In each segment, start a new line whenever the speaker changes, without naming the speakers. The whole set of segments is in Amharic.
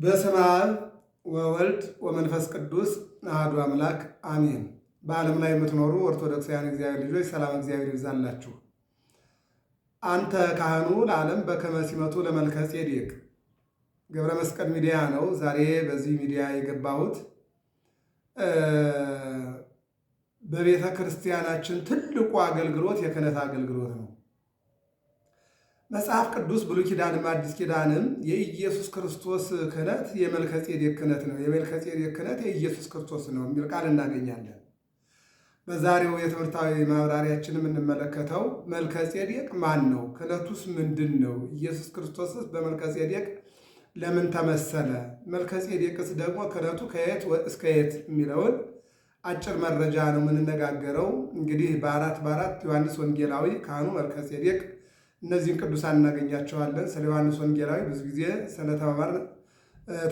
በስመ አብ ወወልድ ወመንፈስ ቅዱስ አሐዱ አምላክ አሜን። በዓለም ላይ የምትኖሩ ኦርቶዶክሳውያን እግዚአብሔር ልጆች ሰላም እግዚአብሔር ይብዛላችሁ። አንተ ካህኑ ለዓለም በከመ ሲመቱ ለመልከ ጼዴቅ ገብረ መስቀል ሚዲያ ነው። ዛሬ በዚህ ሚዲያ የገባሁት በቤተ ክርስቲያናችን ትልቁ አገልግሎት የክህነት አገልግሎት ነው። መጽሐፍ ቅዱስ ብሉይ ኪዳንም አዲስ ኪዳንም የኢየሱስ ክርስቶስ ክህነት የመልከ ጼዴቅ ክህነት ነው፣ የመልከ ጼዴቅ ክህነት የኢየሱስ ክርስቶስ ነው የሚል ቃል እናገኛለን። በዛሬው የትምህርታዊ ማብራሪያችን የምንመለከተው መልከ ጼዴቅ ማን ነው? ክህነቱስ ምንድን ነው? ኢየሱስ ክርስቶስስ በመልከ ጼዴቅ ለምን ተመሰለ? መልከ ጼዴቅስ ደግሞ ክህነቱ ከየት እስከ የት የሚለውን አጭር መረጃ ነው የምንነጋገረው። እንግዲህ በአራት በአራት ዮሐንስ ወንጌላዊ ካህኑ መልከ ጼዴቅ እነዚህን ቅዱሳን እናገኛቸዋለን። ስለ ዮሐንስ ወንጌላዊ ብዙ ጊዜ ስለተማማር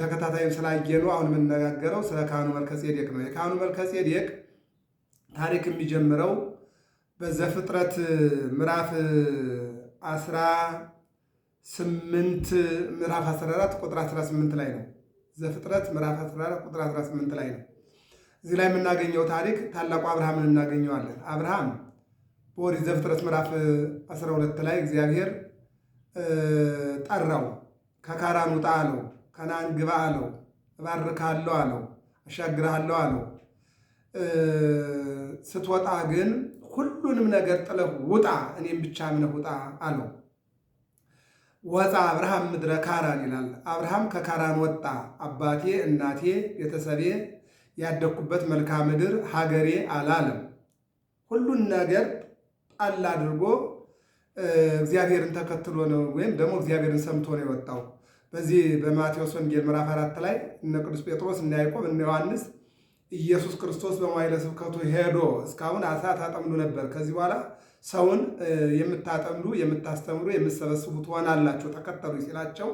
ተከታታይም ነው። አሁን የምንነጋገረው ስለ ካህኑ መልከጼዴቅ ነው። የካህኑ መልከጼዴቅ ታሪክ የሚጀምረው በዘፍጥረት ምዕራፍ 18 ምዕራፍ 14 ቁጥር 18 ላይ ነው። ዘፍጥረት ምዕራፍ 14 ቁጥር 18 ላይ ነው። እዚህ ላይ የምናገኘው ታሪክ ታላቁ አብርሃምን እናገኘዋለን። አብርሃም በኦሪት ዘፍጥረት ምዕራፍ 12 ላይ እግዚአብሔር ጠራው። ከካራን ውጣ አለው፣ ከነዓን ግባ አለው፣ እባርካለሁ አለው፣ አሻግርሃለሁ አለው። ስትወጣ ግን ሁሉንም ነገር ጥለህ ውጣ፣ እኔም ብቻ አምነህ ውጣ አለው። ወጣ አብርሃም ምድረ ካራን ይላል። አብርሃም ከካራን ወጣ። አባቴ እናቴ ቤተሰቤ ያደግኩበት መልክዓ ምድር ሀገሬ አላለም። ሁሉን ነገር ጣል አድርጎ እግዚአብሔርን ተከትሎ ነው ወይም ደግሞ እግዚአብሔርን ሰምቶ ነው የወጣው። በዚህ በማቴዎስ ወንጌል ምዕራፍ አራት ላይ እነ ቅዱስ ጴጥሮስ እና ያዕቆብ እና ዮሐንስ ኢየሱስ ክርስቶስ በመዋዕለ ስብከቱ ሄዶ እስካሁን አሳ ታጠምዱ ነበር፣ ከዚህ በኋላ ሰውን የምታጠምዱ የምታስተምሩ፣ የምትሰበስቡ ትሆናላችሁ ተከተሉ ሲላቸው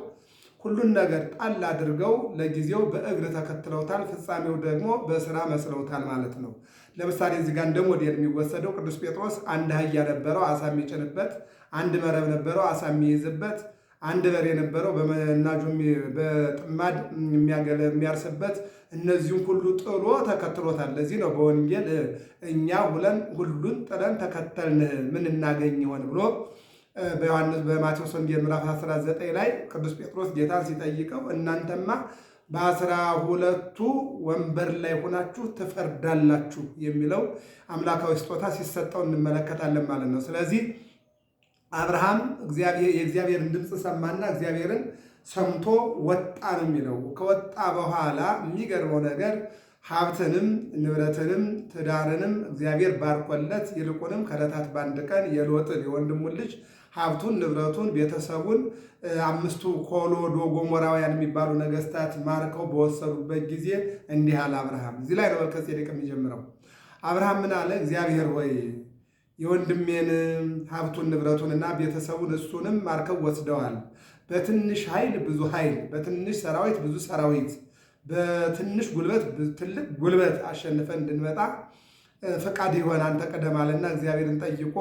ሁሉን ነገር ጣል አድርገው ለጊዜው በእግር ተከትለውታል። ፍጻሜው ደግሞ በስራ መስለውታል ማለት ነው። ለምሳሌ እዚህ ጋር እንደ ሞዴል የሚወሰደው ቅዱስ ጴጥሮስ አንድ አህያ ነበረው፣ አሳ የሚጭንበት፣ አንድ መረብ ነበረው፣ አሳ የሚይዝበት፣ አንድ በሬ ነበረው፣ በመናጁ በጥማድ የሚያርስበት። እነዚህም ሁሉ ጥሎ ተከትሎታል። ለዚህ ነው በወንጌል እኛ ሁለን ሁሉን ጥለን ተከተልን ምን እናገኝ ይሆን ብሎ በዮሐንስ በማቴዎስ ወንጌል ምዕራፍ 19 ላይ ቅዱስ ጴጥሮስ ጌታን ሲጠይቀው እናንተማ በአስራ ሁለቱ ወንበር ላይ ሆናችሁ ትፈርዳላችሁ የሚለው አምላካዊ ስጦታ ሲሰጠው እንመለከታለን ማለት ነው። ስለዚህ አብርሃም የእግዚአብሔርን ድምፅ ሰማና እግዚአብሔርን ሰምቶ ወጣ ነው የሚለው። ከወጣ በኋላ የሚገርመው ነገር ሀብትንም ንብረትንም ትዳርንም እግዚአብሔር ባርኮለት ይልቁንም ከዕለታት በአንድ ቀን የሎጥን የወንድሙን ልጅ ሀብቱን፣ ንብረቱን፣ ቤተሰቡን አምስቱ ኮሎዶ ዶጎሞራውያን የሚባሉ ነገስታት ማርከው በወሰዱበት ጊዜ እንዲህ አለ አብርሃም። እዚህ ላይ ነው መልከጼዴቅ የሚጀምረው። አብርሃም ምን አለ? እግዚአብሔር ሆይ የወንድሜን ሀብቱን እና ቤተሰቡን እሱንም ማርከው ወስደዋል። በትንሽ ኃይል ብዙ ኃይል፣ በትንሽ ሰራዊት ብዙ ሰራዊት፣ በትንሽ ጉልበት ትልቅ ጉልበት አሸንፈን እንድንመጣ ፈቃድ ይሆን አንተ ቅደም እግዚአብሔርን ጠይቆ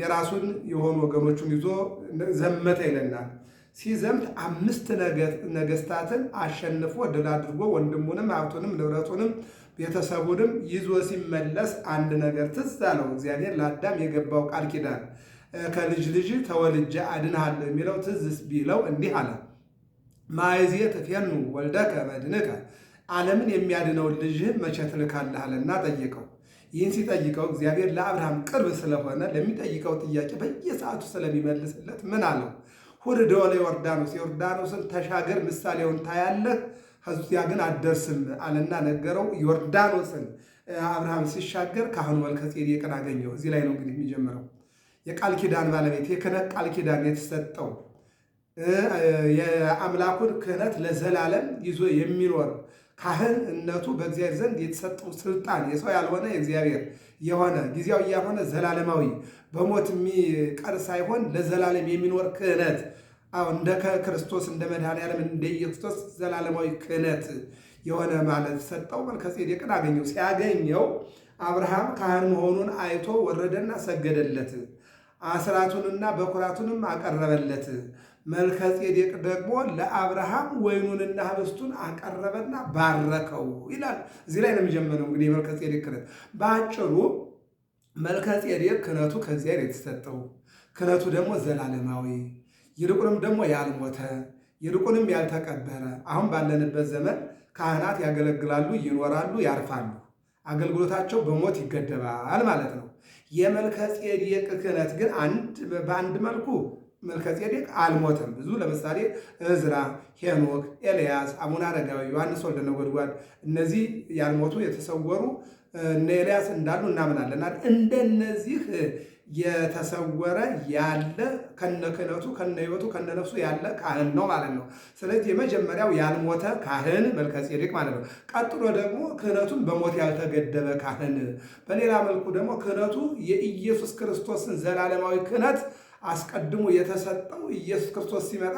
የራሱን የሆኑ ወገኖቹን ይዞ ዘመተ ይለናል። ሲዘምት አምስት ነገስታትን አሸንፎ ድል አድርጎ ወንድሙንም ሀብቱንም ንብረቱንም ቤተሰቡንም ይዞ ሲመለስ አንድ ነገር ትዝ አለው። እግዚአብሔር ለአዳም የገባው ቃል ኪዳን ከልጅ ልጅ ተወልጀ አድንሃለሁ የሚለው ትዝ ቢለው እንዲህ አለ። ማይዜ ትፌኑ ወልደከ መድንከ፣ ዓለምን የሚያድነው ልጅህን መቼ ትልካለሃልና ጠየቀው። ይህን ሲጠይቀው እግዚአብሔር ለአብርሃም ቅርብ ስለሆነ ለሚጠይቀው ጥያቄ በየሰዓቱ ስለሚመልስለት ምን አለው? ወደ ደወለ ዮርዳኖስ ዮርዳኖስን ተሻገር፣ ምሳሌውን ታያለህ፣ ከዚያ ግን አደርስም አለና ነገረው። ዮርዳኖስን አብርሃም ሲሻገር ካህኑ መልከጼዴቅን አገኘው። እዚህ ላይ ነው እንግዲህ የሚጀምረው የቃል ኪዳን ባለቤት የክህነት ቃል ኪዳን የተሰጠው የአምላኩን ክህነት ለዘላለም ይዞ የሚኖር ካህንነቱ በእግዚአብሔር ዘንድ የተሰጠው ስልጣን የሰው ያልሆነ እግዚአብሔር የሆነ ጊዜያዊ ያልሆነ ዘላለማዊ በሞት የሚቀር ሳይሆን ለዘላለም የሚኖር ክህነት እንደ ክርስቶስ እንደ መድኃኒዓለም እንደ ኢየሱስ ዘላለማዊ ክህነት የሆነ ማለት ሰጠው። መልከጼዴቅን አገኘው። ሲያገኘው አብርሃም ካህን መሆኑን አይቶ ወረደና ሰገደለት፣ አስራቱንና በኩራቱንም አቀረበለት። መልከጼዴቅ ደግሞ ለአብርሃም ወይኑንና ህብስቱን አቀረበና ባረከው ይላል። እዚህ ላይ ነው የሚጀምረው እንግዲህ የመልከጼዴቅ ክህነት በአጭሩ መልከጼዴቅ ክህነቱ ከእግዚአብሔር የተሰጠው ክህነቱ ደግሞ ዘላለማዊ ይልቁንም ደግሞ ያልሞተ ይልቁንም ያልተቀበረ። አሁን ባለንበት ዘመን ካህናት ያገለግላሉ፣ ይኖራሉ፣ ያርፋሉ። አገልግሎታቸው በሞት ይገደባል ማለት ነው። የመልከጼዴቅ ክህነት ግን በአንድ መልኩ መልከጼዴቅ አልሞተም። ብዙ ለምሳሌ እዝራ፣ ሄኖክ፣ ኤልያስ፣ አቡነ አረጋዊ፣ ዮሐንስ ወልደ ነጎድጓድ እነዚህ ያልሞቱ የተሰወሩ እነ ኤልያስ እንዳሉ እናምናለን። እንደነዚህ የተሰወረ ያለ ከነ ክህነቱ ከነ ሕይወቱ ከነ ነፍሱ ያለ ካህን ነው ማለት ነው። ስለዚህ የመጀመሪያው ያልሞተ ካህን መልከጼዴቅ ማለት ነው። ቀጥሎ ደግሞ ክህነቱን በሞት ያልተገደበ ካህን፣ በሌላ መልኩ ደግሞ ክህነቱ የኢየሱስ ክርስቶስን ዘላለማዊ ክህነት አስቀድሞ የተሰጠው ኢየሱስ ክርስቶስ ሲመጣ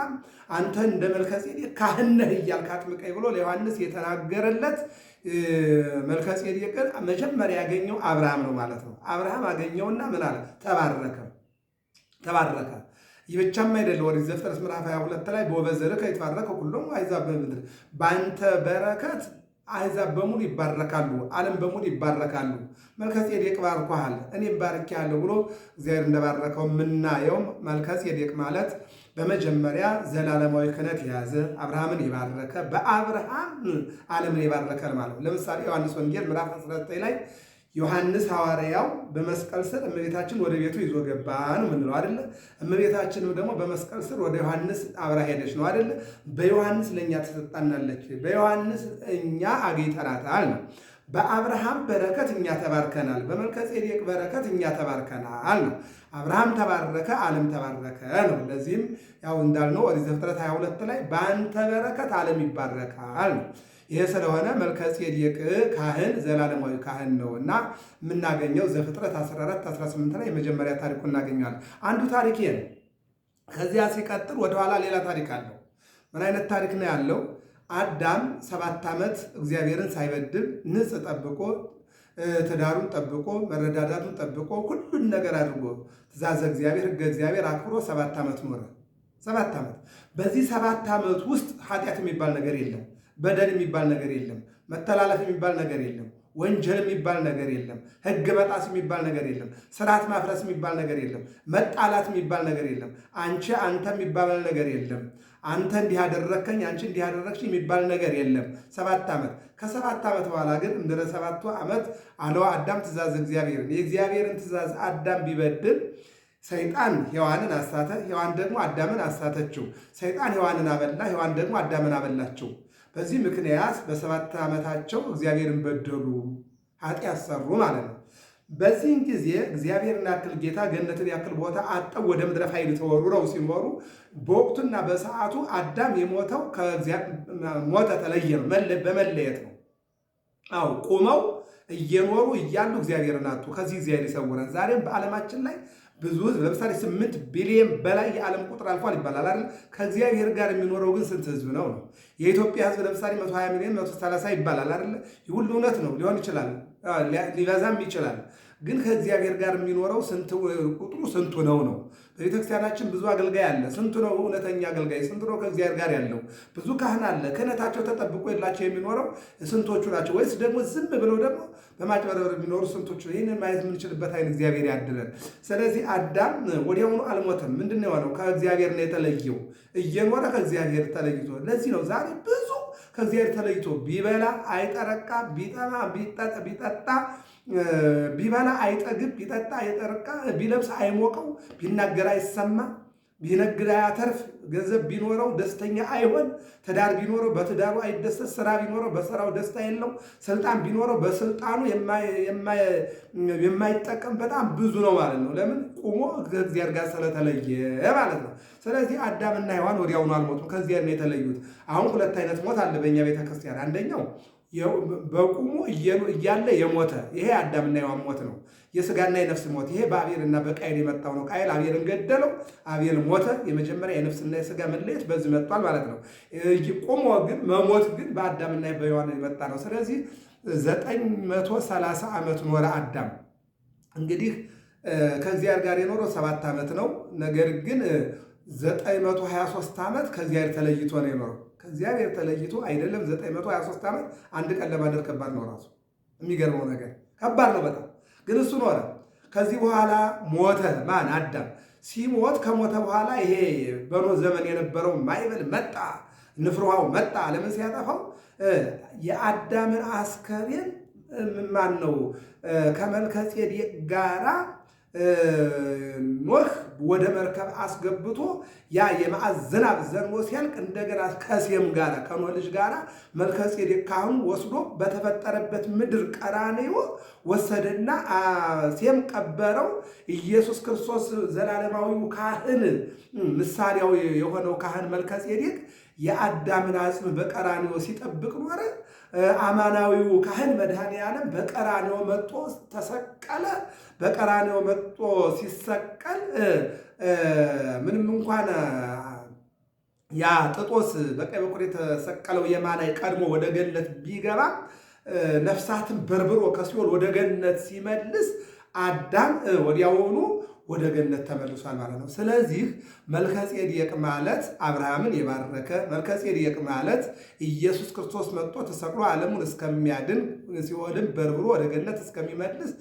አንተ እንደ መልከጼዴቅ ካህን ነህ እያልክ አጥምቀኝ ብሎ ለዮሐንስ የተናገረለት መልከጼዴቅን መጀመሪያ ያገኘው አብርሃም ነው ማለት ነው። አብርሃም አገኘውና ምን አለ? ተባረከ ተባረከ። ይህ ብቻም አይደለ። ኦሪት ዘፍጥረት ምዕራፍ 22 ላይ በወበ ዘርዕከ ይትባረከ ኩሎሙ አሕዛብ በምድር በአንተ በረከት አሕዛብ በሙሉ ይባረካሉ፣ ዓለም በሙሉ ይባረካሉ። መልከጼዴቅ ባርኳሃል እኔም ባርኬሃለሁ ብሎ እግዚአብሔር እንደባረከው የምናየውም መልከጼዴቅ ማለት በመጀመሪያ ዘላለማዊ ክህነት የያዘ አብርሃምን የባረከ በአብርሃም ዓለምን የባረከ ማለት ነው። ለምሳሌ ዮሐንስ ወንጌል ምዕራፍ 19 ላይ ዮሐንስ ሐዋርያው በመስቀል ስር እመቤታችን ወደ ቤቱ ይዞ ገባ ነው የምንለው አይደለ? እመቤታችንም ደግሞ በመስቀል ስር ወደ ዮሐንስ አብራ ሄደች ነው አይደለ? በዮሐንስ ለእኛ ተሰጣናለች፣ በዮሐንስ እኛ አግኝተናታል ነው። በአብርሃም በረከት እኛ ተባርከናል፣ በመልከ በረከት እኛ ተባርከናል ነው። አብርሃም ተባረከ፣ ዓለም ተባረከ ነው። ለዚህም ያው እንዳልነው ኦሪት ዘፍጥረት 22 ላይ በአንተ በረከት ዓለም ይባረካል ነው። ይሄ ስለሆነ መልከ ካህን ዘላለማዊ ካህን ነው እና የምናገኘው ዘፍጥረት 14 18 ላይ የመጀመሪያ ታሪኩ እናገኘዋለን። አንዱ ታሪክ ይሄ ነው። ከዚያ ሲቀጥል ወደኋላ ሌላ ታሪክ አለው። ምን አይነት ታሪክ ነው ያለው? አዳም ሰባት ዓመት እግዚአብሔርን ሳይበድል ንጽ ጠብቆ ትዳሩን ጠብቆ መረዳዳቱን ጠብቆ ሁሉን ነገር አድርጎ ትእዛዘ እግዚአብሔር ሕገ እግዚአብሔር አክብሮ ሰባት ዓመት ኖረ። ሰባት ዓመት በዚህ ሰባት ዓመት ውስጥ ኃጢአት የሚባል ነገር የለም። በደል የሚባል ነገር የለም። መተላለፍ የሚባል ነገር የለም። ወንጀል የሚባል ነገር የለም። ህግ መጣስ የሚባል ነገር የለም። ስርዓት ማፍረስ የሚባል ነገር የለም። መጣላት የሚባል ነገር የለም። አንቺ አንተ የሚባል ነገር የለም። አንተ እንዲህ አደረግከኝ፣ አንቺ እንዲህ አደረግሽ የሚባል ነገር የለም። ሰባት ዓመት ከሰባት ዓመት በኋላ ግን እንደ ሰባቱ ዓመት አለዋ አዳም ትእዛዝ እግዚአብሔርን የእግዚአብሔርን ትእዛዝ አዳም ቢበድል ሰይጣን ሔዋንን አሳተ፣ ሔዋን ደግሞ አዳምን አሳተችው። ሰይጣን ሔዋንን አበላ፣ ሔዋን ደግሞ አዳምን አበላችው። በዚህ ምክንያት በሰባት ዓመታቸው እግዚአብሔርን በደሉ፣ ኃጢአት ሰሩ ማለት ነው። በዚህን ጊዜ እግዚአብሔርን ያክል ጌታ ገነትን ያክል ቦታ አጠው ወደ ምድረ ፋይል ተወርውረው ሲኖሩ በወቅቱና በሰዓቱ አዳም የሞተው ሞተ ተለየ ነው፣ በመለየት ነው። አው ቁመው እየኖሩ እያሉ እግዚአብሔርን አጡ። ከዚህ እግዚአብሔር ይሰውረን። ዛሬም በዓለማችን ላይ ብዙ ህዝብ ለምሳሌ ስምንት ቢሊየን በላይ የዓለም ቁጥር አልፏል ይባላል አይደል? ከእግዚአብሔር ጋር የሚኖረው ግን ስንት ህዝብ ነው ነው? የኢትዮጵያ ህዝብ ለምሳሌ 120 ሚሊዮን 130 ይባላል አይደል? ይሁሉ እውነት ነው ሊሆን ይችላል፣ ሊበዛም ይችላል። ግን ከእግዚአብሔር ጋር የሚኖረው ስንት ቁጥሩ ስንቱ ነው ነው በቤተክርስቲያናችን ብዙ አገልጋይ አለ። ስንቱ ነው እውነተኛ አገልጋይ? ስንቱ ነው ከእግዚአብሔር ጋር ያለው? ብዙ ካህን አለ። ክህነታቸው ተጠብቆ የላቸው የሚኖረው ስንቶቹ ናቸው? ወይስ ደግሞ ዝም ብለው ደግሞ በማጭበረበር የሚኖሩ ስንቶቹ? ይህንን ማየት የምንችልበት አይን እግዚአብሔር ያድለን። ስለዚህ አዳም ወዲያውኑ አልሞተም። ምንድን ነው የሆነው? ከእግዚአብሔር ነው የተለየው። እየኖረ ከእግዚአብሔር ተለይቶ ለዚህ ነው ዛሬ ብዙ ከእግዚአብሔር ተለይቶ ቢበላ አይጠረቃ፣ ቢጠማ ቢጠጣ ቢበላ አይጠግብ፣ ቢጠጣ አይጠርቃ፣ ቢለብስ አይሞቀው፣ ቢናገር አይሰማ ቢነግድ አያተርፍ፣ ገንዘብ ቢኖረው ደስተኛ አይሆን፣ ትዳር ቢኖረው በትዳሩ አይደሰት፣ ስራ ቢኖረው በስራው ደስታ የለው፣ ስልጣን ቢኖረው በስልጣኑ የማይጠቀም በጣም ብዙ ነው ማለት ነው። ለምን ቁሞ ከእግዚአብሔር ጋር ስለተለየ ማለት ነው። ስለዚህ አዳምና ሔዋን ወዲያውኑ አልሞቱም፣ ከዚያ የተለዩት። አሁን ሁለት አይነት ሞት አለ በእኛ ቤተክርስቲያን። አንደኛው በቁሙ እያለ የሞተ ይሄ አዳምና ሔዋን ሞት ነው። የስጋና የነፍስ ሞት ይሄ በአቤልና በቃይል የመጣው ነው። ቃይል አቤልን ገደለው፣ አቤል ሞተ። የመጀመሪያ የነፍስና የስጋ መለየት በዚህ መጥቷል ማለት ነው። ቁሞ ግን መሞት ግን በአዳምና በሔዋን የመጣ ነው። ስለዚህ ዘጠኝ መቶ ሰላሳ ዓመት ኖረ አዳም እንግዲህ ከዚያር ጋር የኖረው ሰባት ዓመት ነው። ነገር ግን 923 ዓመት ከዚያር ተለይቶ ነው የኖረው። ከዚያር ተለይቶ አይደለም 923 ዓመት አንድ ቀን ለማደር ከባድ ነው። ራሱ የሚገርመው ነገር ከባድ ነው በጣም ግን እሱ ኖረ። ከዚህ በኋላ ሞተ። ማን? አዳም። ሲሞት ከሞተ በኋላ ይሄ በኖ ዘመን የነበረው ማይበል መጣ፣ ንፍርሃው መጣ። ለምን ሲያጠፋው የአዳምን አስከሬን ማን ነው ከመልከጼዴቅ ጋራ ኖህ ወደ መርከብ አስገብቶ ያ የመዓት ዝናብ ዘንቦ ሲያልቅ እንደገና ከሴም ጋር ከኖህ ልጅ ጋር መልከጼዴቅ ካህኑ ወስዶ በተፈጠረበት ምድር ቀራንዮ ወሰደና ሴም ቀበረው። ኢየሱስ ክርስቶስ ዘላለማዊው ካህን ምሳሌያዊ የሆነው ካህን መልከ ጼዴቅ የአዳምን አጽም በቀራንዮ ሲጠብቅ ኖረ። አማናዊው ካህን መድኃኔ ዓለም በቀራንዮ መጥቶ ተሰቀለ። በቀራንዮ መጥቶ ሲሰቀል ምንም እንኳን ያ ጥጦስ በቀኝ በኩል የተሰቀለው የማናይ ቀድሞ ወደ ገነት ቢገባም ነፍሳትን በርብሮ ከሲኦል ወደ ገነት ሲመልስ አዳም ወዲያውኑ ወደ ገነት ተመልሷል ማለት ነው። ስለዚህ መልከጼዴቅ ማለት አብርሃምን የባረከ መልከጼዴቅ ማለት ኢየሱስ ክርስቶስ መጥቶ ተሰቅሎ ዓለሙን እስከሚያድን ሲወድን በርብሮ ወደ ገነት እስከሚመልስ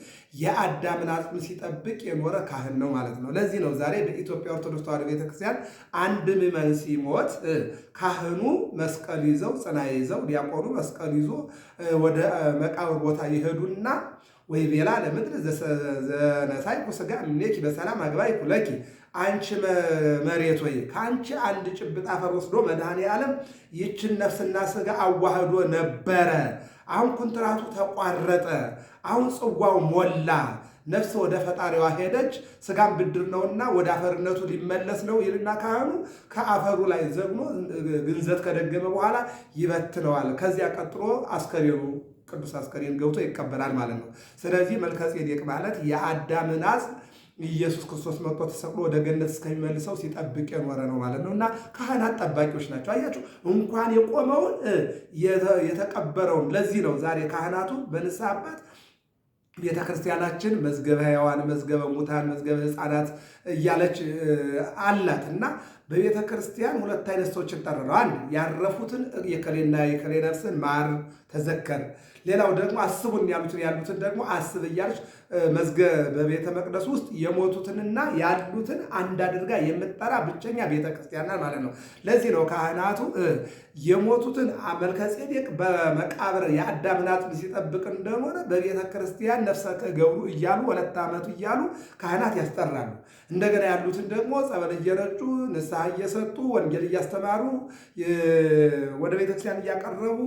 የአዳምን አጽም ሲጠብቅ የኖረ ካህን ነው ማለት ነው። ለዚህ ነው ዛሬ በኢትዮጵያ ኦርቶዶክስ ተዋሕዶ ቤተክርስቲያን አንድ ምዕመን ሲሞት ካህኑ መስቀል ይዘው ጽና ይዘው ዲያቆኑ መስቀል ይዞ ወደ መቃብር ቦታ ይሄዱና ወይ ቤላ ለምድር ዘነሳይኩ ሥጋ እምኔኪ በሰላም አግባይኩ ለኪ። አንቺ መሬት ወይ ከአንቺ አንድ ጭብጥ አፈር ወስዶ መድኃኔ ዓለም ይችን ነፍስና ስጋ አዋህዶ ነበረ። አሁን ኩንትራቱ ተቋረጠ። አሁን ጽዋው ሞላ። ነፍስ ወደ ፈጣሪዋ ሄደች፣ ሥጋም ብድር ነውና ወደ አፈርነቱ ሊመለስ ነው ይልና ካህኑ ከአፈሩ ላይ ዘግኖ ግንዘት ከደገመ በኋላ ይበትነዋል። ከዚያ ቀጥሎ አስከሬኑ ቅዱስ አስከሬን ገብቶ ይቀበላል ማለት ነው። ስለዚህ መልከ ጼዴቅ ማለት የአዳም ናዝ ኢየሱስ ክርስቶስ መጥቶ ተሰቅሎ ወደ ገነት እስከሚመልሰው ሲጠብቅ የኖረ ነው ማለት ነው። እና ካህናት ጠባቂዎች ናቸው። አያችሁ እንኳን የቆመውን የተቀበረውን። ለዚህ ነው ዛሬ ካህናቱ በንስሐ አባት ቤተ ክርስቲያናችን መዝገበ ሕያዋን፣ መዝገበ ሙታን፣ መዝገበ ሕፃናት እያለች አላት እና በቤተ ክርስቲያን ሁለት አይነት ሰዎች ይጠራሉ። አንድ ያረፉትን የከሌና የከሌ ነፍስን ማር ተዘከር ሌላው ደግሞ አስቡን ያሉትን ያሉትን ደግሞ አስብ እያለች በቤተ መቅደስ ውስጥ የሞቱትንና ያሉትን አንድ አድርጋ የምጠራ ብቸኛ ቤተ ክርስቲያን ማለት ነው። ለዚህ ነው ካህናቱ የሞቱትን መልከ በመቃብር የአዳምን አጥንት ሲጠብቅ እንደሆነ በቤተ ክርስቲያን ነፍሰ ከገብሩ እያሉ ሁለት ዓመቱ እያሉ ካህናት ያስጠራሉ። እንደገና ያሉትን ደግሞ ጸበል እየረጩ ንስሐ እየሰጡ ወንጌል እያስተማሩ ወደ ቤተክርስቲያን እያቀረቡ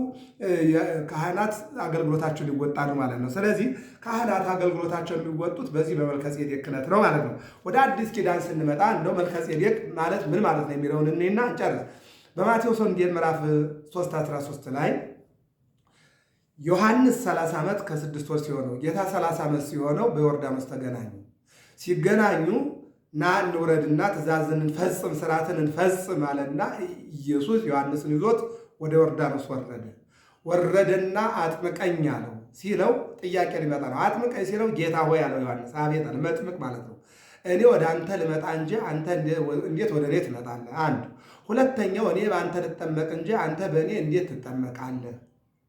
ካህናት አገልግሎታቸውን ይወጣሉ ማለት ነው። ስለዚህ ካህናት አገልግሎት አገልግሎታቸው የሚወጡት በዚህ በመልከጼዴቅ ክህነት ነው ማለት ነው። ወደ አዲስ ኪዳን ስንመጣ እንደው መልከጼዴቅ ማለት ምን ማለት ነው የሚለውን እኔና እንጨርስ። በማቴዎስ ወንጌል ምዕራፍ 313 ላይ ዮሐንስ 30 ዓመት ከስድስት ወር ሲሆነው ጌታ 30 ዓመት ሲሆነው በዮርዳኖስ ተገናኙ። ሲገናኙ ና እንውረድና ትእዛዝን እንፈጽም ስርዓትን እንፈጽም አለና ኢየሱስ ዮሐንስን ይዞት ወደ ዮርዳኖስ ወረደ። ወረደና አጥምቀኝ አለው። ሲለው ጥያቄ ሊመጣ ነው። አጥምቀኝ ሲለው ጌታ ሆይ አለው ዮሐንስ። አቤት አለ። መጥምቅ ማለት ነው። እኔ ወደ አንተ ልመጣ እንጂ አንተ እንዴት ወደ እኔ ትመጣለህ? አንድ ሁለተኛው እኔ በአንተ ልጠመቅ እንጂ አንተ በእኔ እንዴት ትጠመቃለህ?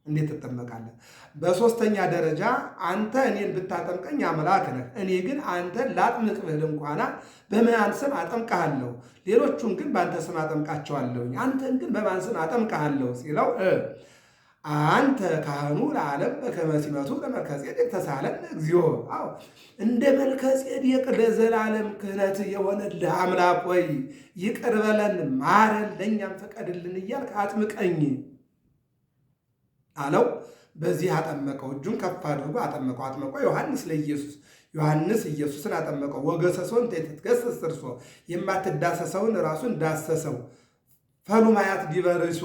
እንዴት ትጠመቃለህ? በሶስተኛ ደረጃ አንተ እኔን ብታጠምቀኝ አምላክ ነህ፣ እኔ ግን አንተ ላጥምቅ ብህል እንኳና በማን ስም አጠምቀሃለሁ? ሌሎቹን ግን በአንተ ስም አጠምቃቸዋለሁኝ፣ አንተን ግን በማን ስም አጠምቀሃለሁ ሲለው አንተ ካህኑ ለዓለም በከመ ሲመቱ ለመልከጼዴቅ እግዚኦ። አዎ እንደ መልከጼዴቅ ለዘላለም ክህነት የሆነልህ አምላክ ወይ ይቅር በለን ማረን፣ ለእኛም ፈቀድልን እያልክ አጥምቀኝ አለው። በዚህ አጠመቀው። እጁን ከፍ አድርጎ አጠመቀው። አጥመቀው ዮሐንስ ለኢየሱስ ዮሐንስ ኢየሱስን አጠመቀው። ወገሰሶን ትገሰስ እርሶ የማትዳሰሰውን ራሱን ዳሰሰው። ፈሉማያት ዲበርሱ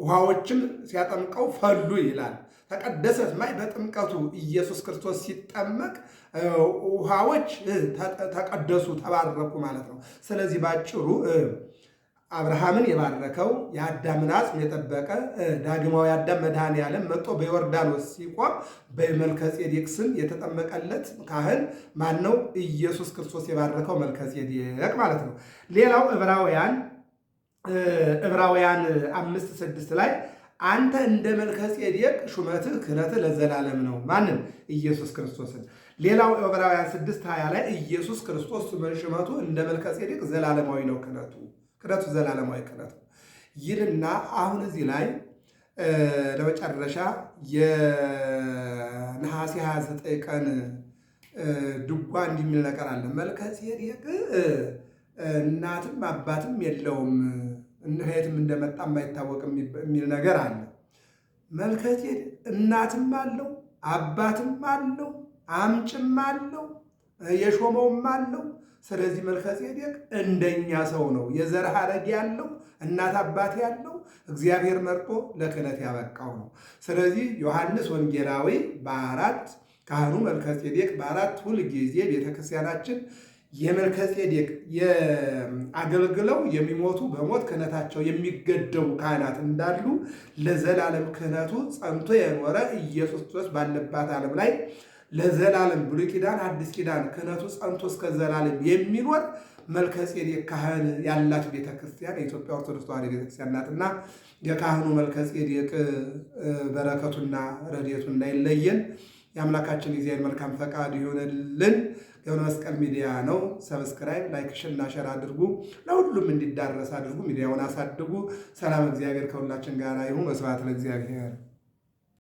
ውሃዎችን ሲያጠምቀው ፈሉ ይላል። ተቀደሰት ማይ በጥምቀቱ ኢየሱስ ክርስቶስ ሲጠመቅ ውሃዎች ተቀደሱ ተባረኩ ማለት ነው። ስለዚህ ባጭሩ አብርሃምን የባረከው የአዳምን አጽም የጠበቀ ዳግማዊ አዳም መድኃኔ ዓለም መጦ በዮርዳኖስ ሲቆም በመልከጼዴቅ ስም የተጠመቀለት ካህን ማነው? ኢየሱስ ክርስቶስ የባረከው መልከጼዴቅ ማለት ነው። ሌላው ዕብራውያን ዕብራውያን አምስት ስድስት ላይ አንተ እንደ መልከ ጼዴቅ ሹመትህ ክህነትህ ለዘላለም ነው። ማንም ኢየሱስ ክርስቶስን ሌላው ዕብራውያን ስድስት ሀያ ላይ ኢየሱስ ክርስቶስ ሹመቱ እንደ መልከ ጼዴቅ ዘላለማዊ ነው፣ ክህነቱ ክህነቱ ዘላለማዊ ክህነት ይልና አሁን እዚህ ላይ ለመጨረሻ የነሐሴ 29 ቀን ድጓ እንዲህ የሚል ነገር አለ መልከ ጼዴቅ እናትም አባትም የለውም ከየትም እንደመጣ የማይታወቅ የሚል ነገር አለ። መልከ እናትም አለው፣ አባትም አለው፣ አምጭም አለው፣ የሾመውም አለው። ስለዚህ መልከ እንደኛ ሰው ነው፣ የዘር ሐረግ ያለው እናት አባት ያለው እግዚአብሔር መርጦ ለክህነት ያበቃው ነው። ስለዚህ ዮሐንስ ወንጌላዊ በአራት ካህኑ መልከ በአራት ሁል ጊዜ ቤተክርስቲያናችን የመልከጼዴቅ አገልግለው የሚሞቱ በሞት ክህነታቸው የሚገደቡ ካህናት እንዳሉ ለዘላለም ክህነቱ ጸንቶ የኖረ ኢየሱስ ክርስቶስ ባለባት ዓለም ላይ ለዘላለም ብሉይ ኪዳን አዲስ ኪዳን ክህነቱ ጸንቶ እስከ ዘላለም የሚኖር መልከጼዴቅ ካህን ያላት ቤተክርስቲያን የኢትዮጵያ ኦርቶዶክስ ተዋሕዶ ቤተክርስቲያን ናትና የካህኑ መልከጼዴቅ በረከቱና ረድኤቱ እንዳይለየን የአምላካችን ጊዜን መልካም ፈቃድ ይሆንልን። የሆነ መስቀል ሚዲያ ነው። ሰብስክራይብ፣ ላይክ፣ ሽና ሸር አድርጉ። ለሁሉም እንዲዳረስ አድርጉ። ሚዲያውን አሳድጉ። ሰላም፣ እግዚአብሔር ከሁላችን ጋር ይሁን። ወስብሐት ለእግዚአብሔር።